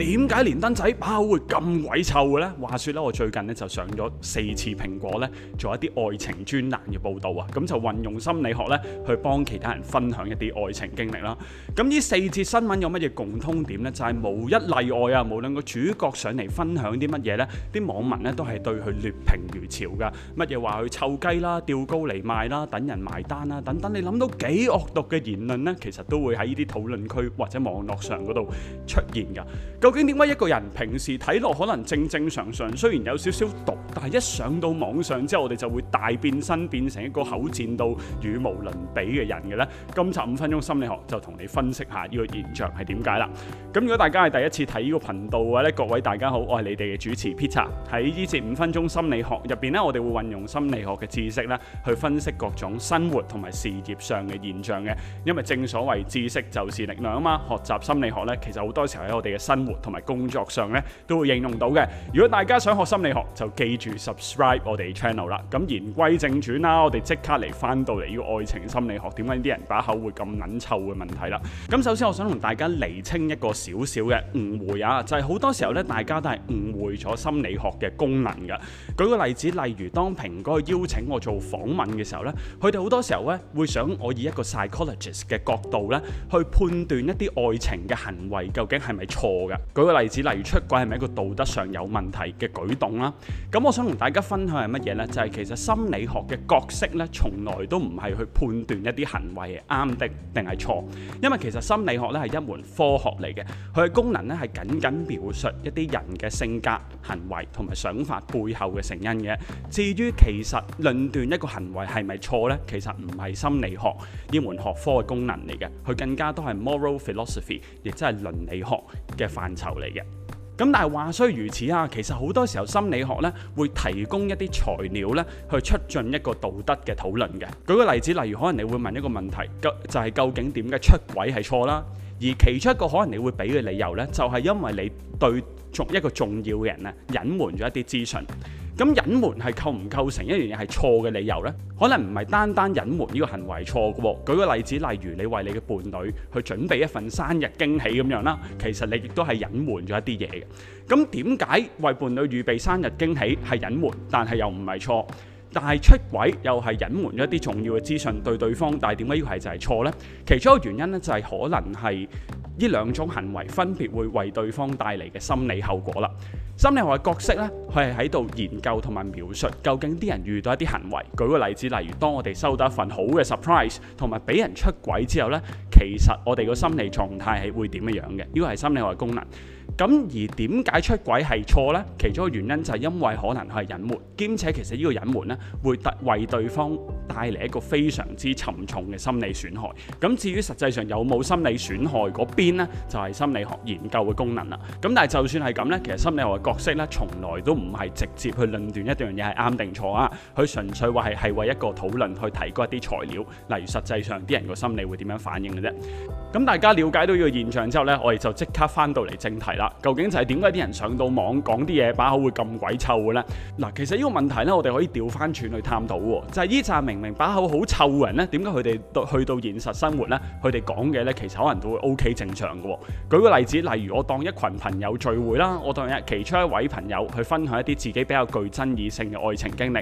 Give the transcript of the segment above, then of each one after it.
點解連登仔把口會咁鬼臭嘅呢？話說咧，我最近呢就上咗四次蘋果呢，做一啲愛情專欄嘅報道啊，咁就運用心理學呢去幫其他人分享一啲愛情經歷啦。咁呢四節新聞有乜嘢共通點呢？就係無一例外啊，無論個主角上嚟分享啲乜嘢呢，啲網民呢都係對佢劣評如潮噶。乜嘢話佢臭雞啦、吊高嚟賣啦、等人埋單啦，等等，你諗到幾惡毒嘅言論呢？其實都會喺呢啲討論區或者網絡上嗰度出現噶。究竟點解一個人平時睇落可能正正常常，雖然有少少毒，但係一上到網上之後，我哋就會大變身，變成一個口賤到語無倫比嘅人嘅呢？今集五分鐘心理學就同你分析下呢個現象係點解啦。咁如果大家係第一次睇呢個頻道嘅呢，各位大家好，我係你哋嘅主持 Peter。喺呢節五分鐘心理學入邊呢，我哋會運用心理學嘅知識呢去分析各種生活同埋事業上嘅現象嘅。因為正所謂知識就是力量啊嘛，學習心理學呢，其實好多時候喺我哋嘅生活，同埋工作上咧都會應用到嘅。如果大家想學心理學，就記住 subscribe 我哋 channel 啦。咁言歸正傳啦，我哋即刻嚟翻到嚟呢個愛情心理學點解啲人把口會咁撚臭嘅問題啦。咁首先我想同大家釐清一個少少嘅誤會啊，就係、是、好多時候咧大家都係誤會咗心理學嘅功能嘅。舉個例子，例如當蘋果邀請我做訪問嘅時候咧，佢哋好多時候咧會想我以一個 psychologist 嘅角度咧去判斷一啲愛情嘅行為究竟係咪錯嘅。舉個例子，例如出軌係咪一個道德上有問題嘅舉動啦？咁我想同大家分享係乜嘢呢？就係其實心理學嘅角色呢，從來都唔係去判斷一啲行為係啱嘅定係錯，因為其實心理學呢係一門科學嚟嘅，佢嘅功能呢係僅僅描述一啲人嘅性格、行為同埋想法背後嘅成因嘅。至於其實論斷一個行為係咪錯呢，其實唔係心理學呢門學科嘅功能嚟嘅，佢更加都係 moral philosophy，亦即係倫理學嘅範疇。嚿嚟嘅，咁但係話雖如此啊，其實好多時候心理學咧會提供一啲材料咧去促進一個道德嘅討論嘅。舉個例子，例如可能你會問一個問題，就係究竟點解出軌係錯啦？而其中一個可能你會俾嘅理由咧，就係因為你對一個重要嘅人啊隱瞞咗一啲資訊。咁隱瞞係構唔構成一樣嘢係錯嘅理由呢？可能唔係單單隱瞞呢個行為錯嘅喎。舉個例子，例如你為你嘅伴侶去準備一份生日驚喜咁樣啦，其實你亦都係隱瞞咗一啲嘢嘅。咁點解為伴侶預備生日驚喜係隱瞞，但係又唔係錯？但係出軌又係隱瞞咗一啲重要嘅資訊對對方，但係點解呢個係就係錯呢？其中一個原因呢就係可能係呢兩種行為分別會為對方帶嚟嘅心理後果啦。心理學嘅角色咧，佢係喺度研究同埋描述究竟啲人遇到一啲行為。舉個例子，例如當我哋收到一份好嘅 surprise，同埋俾人出軌之後咧，其實我哋個心理狀態係會點樣嘅。呢個係心理學嘅功能。咁而點解出軌係錯咧？其中一個原因就係因為可能佢係隱瞞，兼且其實呢個隱瞞咧會突為對方。帶嚟一個非常之沉重嘅心理損害。咁至於實際上有冇心理損害嗰邊咧，就係心理學研究嘅功能啦。咁但係就算係咁呢，其實心理學嘅角色呢，從來都唔係直接去論斷一樣嘢係啱定錯啊。佢純粹話係係為一個討論去提供一啲材料，例如實際上啲人個心理會點樣反應嘅啫。咁大家了解到呢個現象之後呢，我哋就即刻翻到嚟正題啦。究竟就係點解啲人上到網講啲嘢把口會咁鬼臭嘅呢？嗱，其實呢個問題呢，我哋可以調翻轉去探討喎，就係呢個證明明把口好好臭人咧，點解佢哋到去到現實生活咧，佢哋講嘅咧，其實可能都會 OK 正常嘅喎。舉個例子，例如我當一羣朋友聚會啦，我當一其中一位朋友去分享一啲自己比較具爭議性嘅愛情經歷，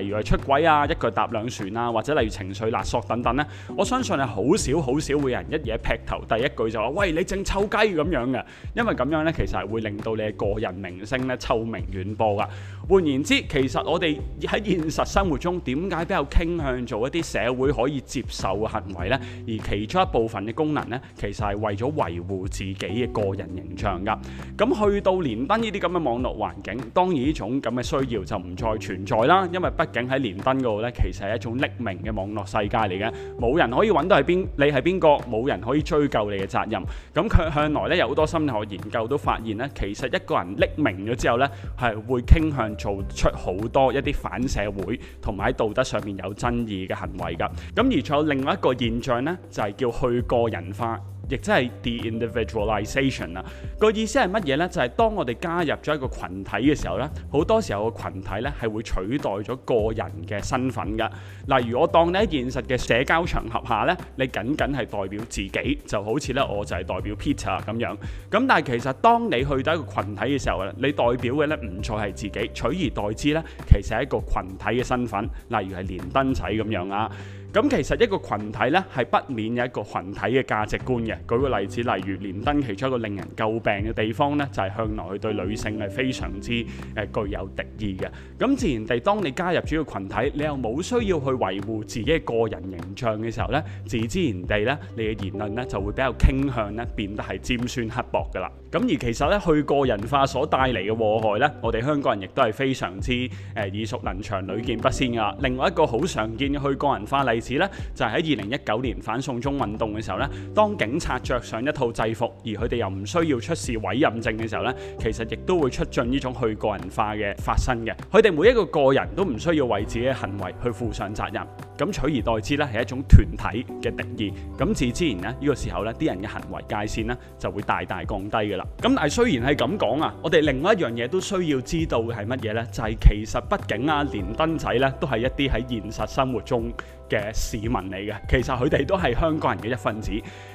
例如係出軌啊、一腳踏兩船啊，或者例如情緒勒索等等咧。我相信係好少好少會有人一嘢劈頭第一句就話：喂你正臭雞咁樣嘅，因為咁樣咧，其實係會令到你個人名聲咧臭名遠播㗎。換言之，其實我哋喺現實生活中點解比較傾向做一啲社會可以接受嘅行為咧，而其中一部分嘅功能咧，其實係為咗維護自己嘅個人形象㗎。咁去到連登呢啲咁嘅網絡環境，當然呢種咁嘅需要就唔再存在啦，因為畢竟喺連登嗰度咧，其實係一種匿名嘅網絡世界嚟嘅，冇人可以揾到係邊，你係邊個，冇人可以追究你嘅責任。咁佢向來咧，有好多心理學研究都發現咧，其實一個人匿名咗之後咧，係會傾向做出好多一啲反社會同埋道德上面有爭議嘅行為㗎，咁而仲有另外一個現象咧，就係、是、叫去個人化。亦即係 deindividualization 啦，個意思係乜嘢呢？就係、是、當我哋加入咗一個群體嘅時候咧，好多時候個群體咧係會取代咗個人嘅身份嘅。例如我當你喺現實嘅社交場合下咧，你僅僅係代表自己，就好似咧我就係代表 Peter 咁樣。咁但係其實當你去到一個群體嘅時候咧，你代表嘅咧唔再係自己，取而代之呢，其實係一個群體嘅身份，例如係連登仔咁樣啊。咁其實一個羣體咧，係不免有一個羣體嘅價值觀嘅。舉個例子，例如連登其中一個令人詬病嘅地方咧，就係向來佢對女性係非常之誒具有敵意嘅。咁自然地，當你加入主要羣體，你又冇需要去維護自己個人形象嘅時候咧，自自然地咧，你嘅言論咧就會比較傾向咧變得係尖酸刻薄㗎喇。咁而其實咧，去個人化所帶嚟嘅禍害呢，我哋香港人亦都係非常之誒，呃，耳熟能詳、屢見不鮮噶。另外一個好常見嘅去個人化例子呢，就係喺二零一九年反送中運動嘅時候呢，當警察着上一套制服，而佢哋又唔需要出示委任證嘅時候呢，其實亦都會出盡呢種去個人化嘅發生嘅。佢哋每一個個人都唔需要為自己嘅行為去負上責任，咁取而代之呢係一種團體嘅敵意。咁自自然呢，呢呢個時候呢，啲人嘅行為界線呢就會大大降低噶啦。咁但係雖然係咁講啊，我哋另外一樣嘢都需要知道嘅係乜嘢呢？就係其實畢竟啊，連登仔呢都係一啲喺現實生活中。嘅市民嚟嘅，其實，佢哋都係香港人嘅一份子。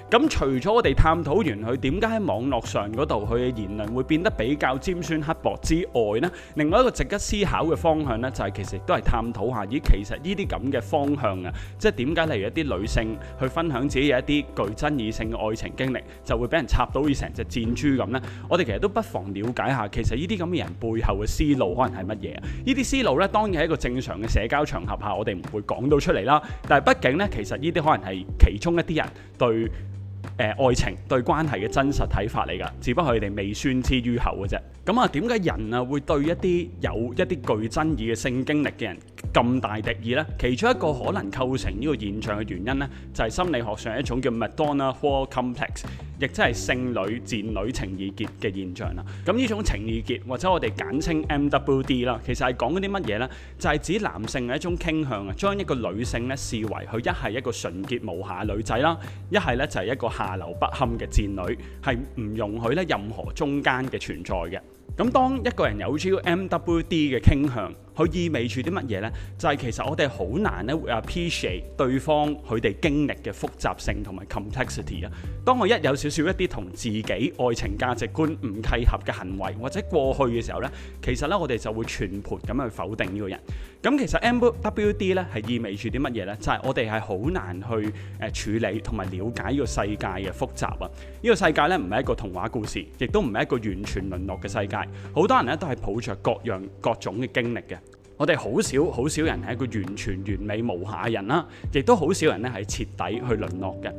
咁除咗我哋探討完佢點解喺網絡上嗰度佢嘅言論會變得比較尖酸刻薄之外呢，另外一個值得思考嘅方向呢，就係其實都係探討下咦，其實呢啲咁嘅方向啊，即係點解例如一啲女性去分享自己有一啲具爭議性嘅愛情經歷，就會俾人插到好似成隻箭豬咁呢，我哋其實都不妨了解下，其實呢啲咁嘅人背後嘅思路可能係乜嘢？呢啲思路咧，當然係一個正常嘅社交場合下，我哋唔會講到出嚟啦。但係畢竟咧，其實呢啲可能係其中一啲人對誒、呃、愛情對關係嘅真實睇法嚟㗎，只不過佢哋未宣之於口嘅啫。咁啊，點解人啊會對一啲有一啲具爭議嘅性經歷嘅人咁大敵意呢？其中一個可能構成呢個現象嘅原因呢，就係、是、心理學上一種叫 Madonna Whore Complex，亦即係聖女賤女情意結嘅現象啦。咁呢種情意結或者我哋簡稱 MWD 啦，其實係講緊啲乜嘢呢？就係、是、指男性嘅一種傾向啊，將一個女性呢視為佢一係一個純潔無瑕嘅女仔啦，一係呢就係、是、一個。下流不堪嘅戰女，係唔容許咧任何中間嘅存在嘅。咁當一個人有招 MWD 嘅傾向。佢意味住啲乜嘢呢？就係、是、其實我哋好難咧會 appreciate 對方佢哋經歷嘅複雜性同埋 complexity 啊。當我一有少少一啲同自己愛情價值觀唔契合嘅行為或者過去嘅時候呢，其實呢，我哋就會全盤咁去否定呢個人。咁、嗯、其實 MWD 呢係意味住啲乜嘢呢？就係、是、我哋係好難去誒、呃、處理同埋了解呢個世界嘅複雜啊。呢、這個世界呢，唔係一個童話故事，亦都唔係一個完全淪落嘅世界。好多人呢，都係抱著各樣各種嘅經歷嘅。我哋好少好少人係一個完全完美無瑕嘅人啦，亦都好少人咧係徹底去淪落嘅。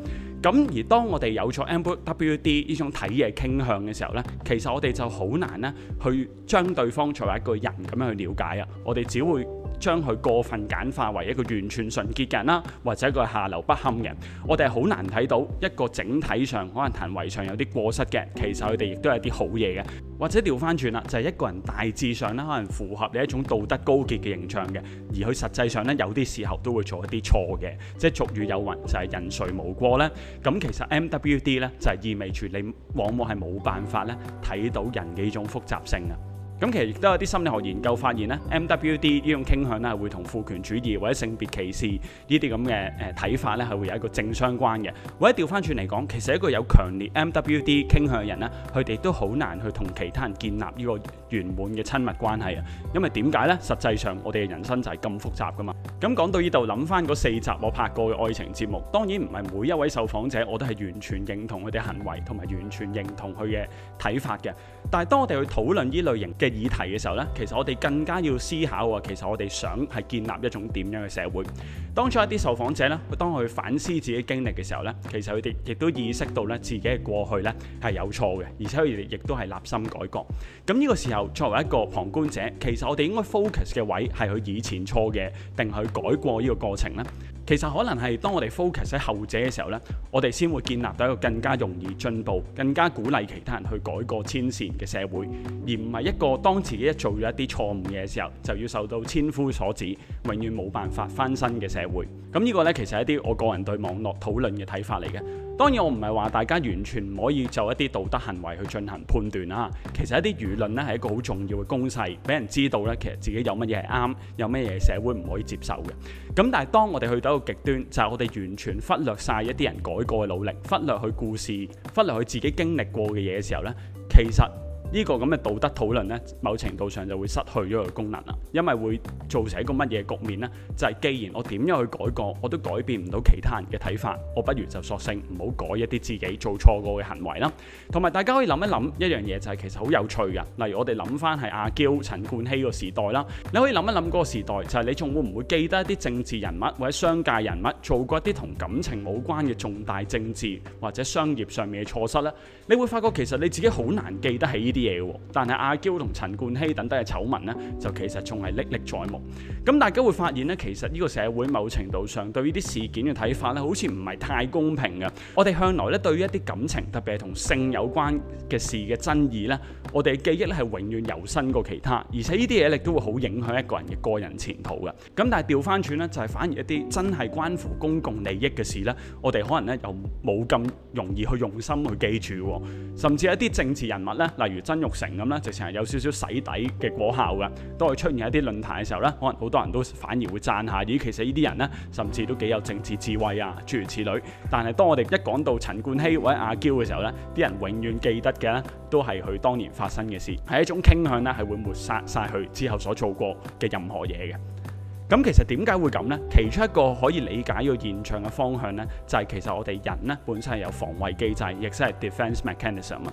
咁而當我哋有咗 MWD 呢種睇嘢傾向嘅時候咧，其實我哋就好難咧去將對方作為一個人咁樣去了解啊。我哋只會將佢過分簡化為一個完全純潔嘅人啦，或者一個下流不堪嘅人。我哋好難睇到一個整體上可能談為上有啲過失嘅，其實佢哋亦都係啲好嘢嘅。或者調翻轉啦，就係一個人大致上咧，可能符合你一種道德高潔嘅形象嘅，而佢實際上咧，有啲時候都會做一啲錯嘅，即係俗語有云就係人誰無過咧。咁其實 MWD 咧就意味住你往往係冇辦法咧睇到人嘅一種複雜性啊。咁其實亦都有啲心理學研究發現咧，MWD 呢種傾向咧，係會同父權主義或者性別歧視呢啲咁嘅誒睇法咧，係會有一個正相關嘅。或者調翻轉嚟講，其實一個有強烈 MWD 傾向嘅人咧，佢哋都好難去同其他人建立呢個圓滿嘅親密關係啊。因為點解呢？實際上我哋嘅人生就係咁複雜噶嘛。咁、嗯、講到呢度，諗翻嗰四集我拍過嘅愛情節目，當然唔係每一位受訪者我都係完全認同佢哋行為同埋完全認同佢嘅睇法嘅。但係當我哋去討論呢類型嘅議題嘅時候咧，其實我哋更加要思考喎、啊。其實我哋想係建立一種點樣嘅社會？當初一啲受訪者咧，當佢反思自己經歷嘅時候咧，其實佢哋亦都意識到咧，自己嘅過去咧係有錯嘅，而且佢哋亦都係立心改過。咁呢個時候，作為一個旁觀者，其實我哋應該 focus 嘅位係佢以前錯嘅，定係佢改過呢個過程呢？其實可能係當我哋 focus 喺後者嘅時候呢，我哋先會建立到一個更加容易進步、更加鼓勵其他人去改過遷善嘅社會，而唔係一個當自己一做咗一啲錯誤嘅時候就要受到千夫所指、永遠冇辦法翻身嘅社會。咁、嗯、呢、呢個呢，其實係一啲我個人對網絡討論嘅睇法嚟嘅。當然，我唔係話大家完全唔可以就一啲道德行為去進行判斷啦。其實一啲輿論咧係一個好重要嘅攻勢，俾人知道咧其實自己有乜嘢係啱，有咩嘢社會唔可以接受嘅。咁但係當我哋去到一個極端，就係我哋完全忽略晒一啲人改過嘅努力，忽略佢故事，忽略佢自己經歷過嘅嘢嘅時候咧，其實。呢個咁嘅道德討論呢，某程度上就會失去咗個功能啦，因為會造成一個乜嘢局面呢？就係既然我點樣去改過，我都改變唔到其他人嘅睇法，我不如就索性唔好改一啲自己做錯過嘅行為啦。同埋大家可以諗一諗一樣嘢，就係其實好有趣嘅。例如我哋諗翻係阿嬌、陳冠希個時代啦，你可以諗一諗嗰個時代，就係你仲會唔會記得一啲政治人物或者商界人物做過一啲同感情冇關嘅重大政治或者商業上面嘅錯失呢？你會發覺其實你自己好難記得起啲嘢但係阿嬌同陳冠希等等嘅醜聞呢，就其實仲係歷歷在目。咁大家會發現呢，其實呢個社會某程度上對呢啲事件嘅睇法呢，好似唔係太公平嘅。我哋向來咧對於一啲感情，特別係同性有關嘅事嘅爭議呢，我哋嘅記憶咧係永遠猶新過其他。而且呢啲嘢亦都會好影響一個人嘅個人前途嘅。咁但係掉返轉呢，就係、是、反而一啲真係關乎公共利益嘅事呢，我哋可能呢又冇咁容易去用心去記住，甚至一啲政治人物呢，例如。曾玉成咁咧，就成日有少少洗底嘅果效嘅，當佢出現一啲論壇嘅時候咧，可能好多人都反而會讚下。咦、哎，其實呢啲人咧，甚至都幾有政治智慧啊，諸如此類。但係當我哋一講到陳冠希或者阿嬌嘅時候咧，啲人永遠記得嘅咧，都係佢當年發生嘅事。係一種傾向咧，係會抹殺晒佢之後所做過嘅任何嘢嘅。咁其實點解會咁呢？其中一個可以理解呢個現象嘅方向咧，就係、是、其實我哋人咧本身係有防衛機制，亦即係 defence mechanism 啊。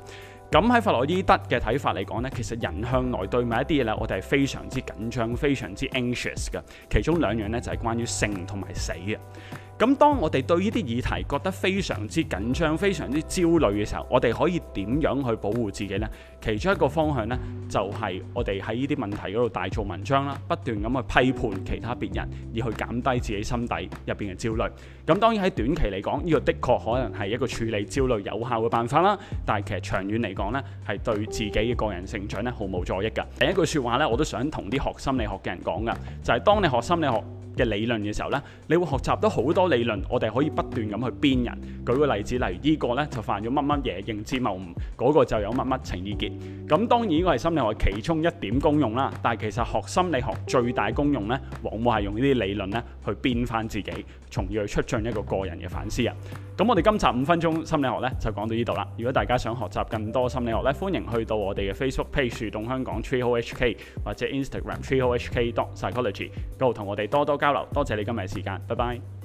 咁喺弗洛伊德嘅睇法嚟講呢，其實人向來對埋一啲嘢咧，我哋係非常之緊張、非常之 anxious 嘅。其中兩樣呢，就係、是、關於性同埋死嘅。咁當我哋對呢啲議題覺得非常之緊張、非常之焦慮嘅時候，我哋可以點樣去保護自己呢？其中一個方向呢，就係我哋喺呢啲問題嗰度大做文章啦，不斷咁去批判其他別人，而去減低自己心底入邊嘅焦慮。咁當然喺短期嚟講，呢個的確可能係一個處理焦慮有效嘅辦法啦。但係其實長遠嚟講呢，係對自己嘅個人成長呢毫無助益嘅。另一句説話呢，我都想同啲學心理學嘅人講嘅，就係當你學心理學嘅理論嘅時候呢，你會學習到好多理論，我哋可以不斷咁去變人。舉個例子，例如呢個呢，就犯咗乜乜嘢認知謬誤，嗰、那個就有乜乜情意結。咁當然呢個係心理學其中一點功用啦，但係其實學心理學最大功用呢，往往係用呢啲理論呢去變翻自己，從而去出進一個個人嘅反思啊。咁我哋今集五分鐘心理學呢，就講到呢度啦。如果大家想學習更多心理學呢，歡迎去到我哋嘅 Facebook page 樹洞香港 Treehole HK 或者 Instagram Treehole、oh、HK Psychology，度同我哋多多交流，多謝你今日嘅時間。拜拜。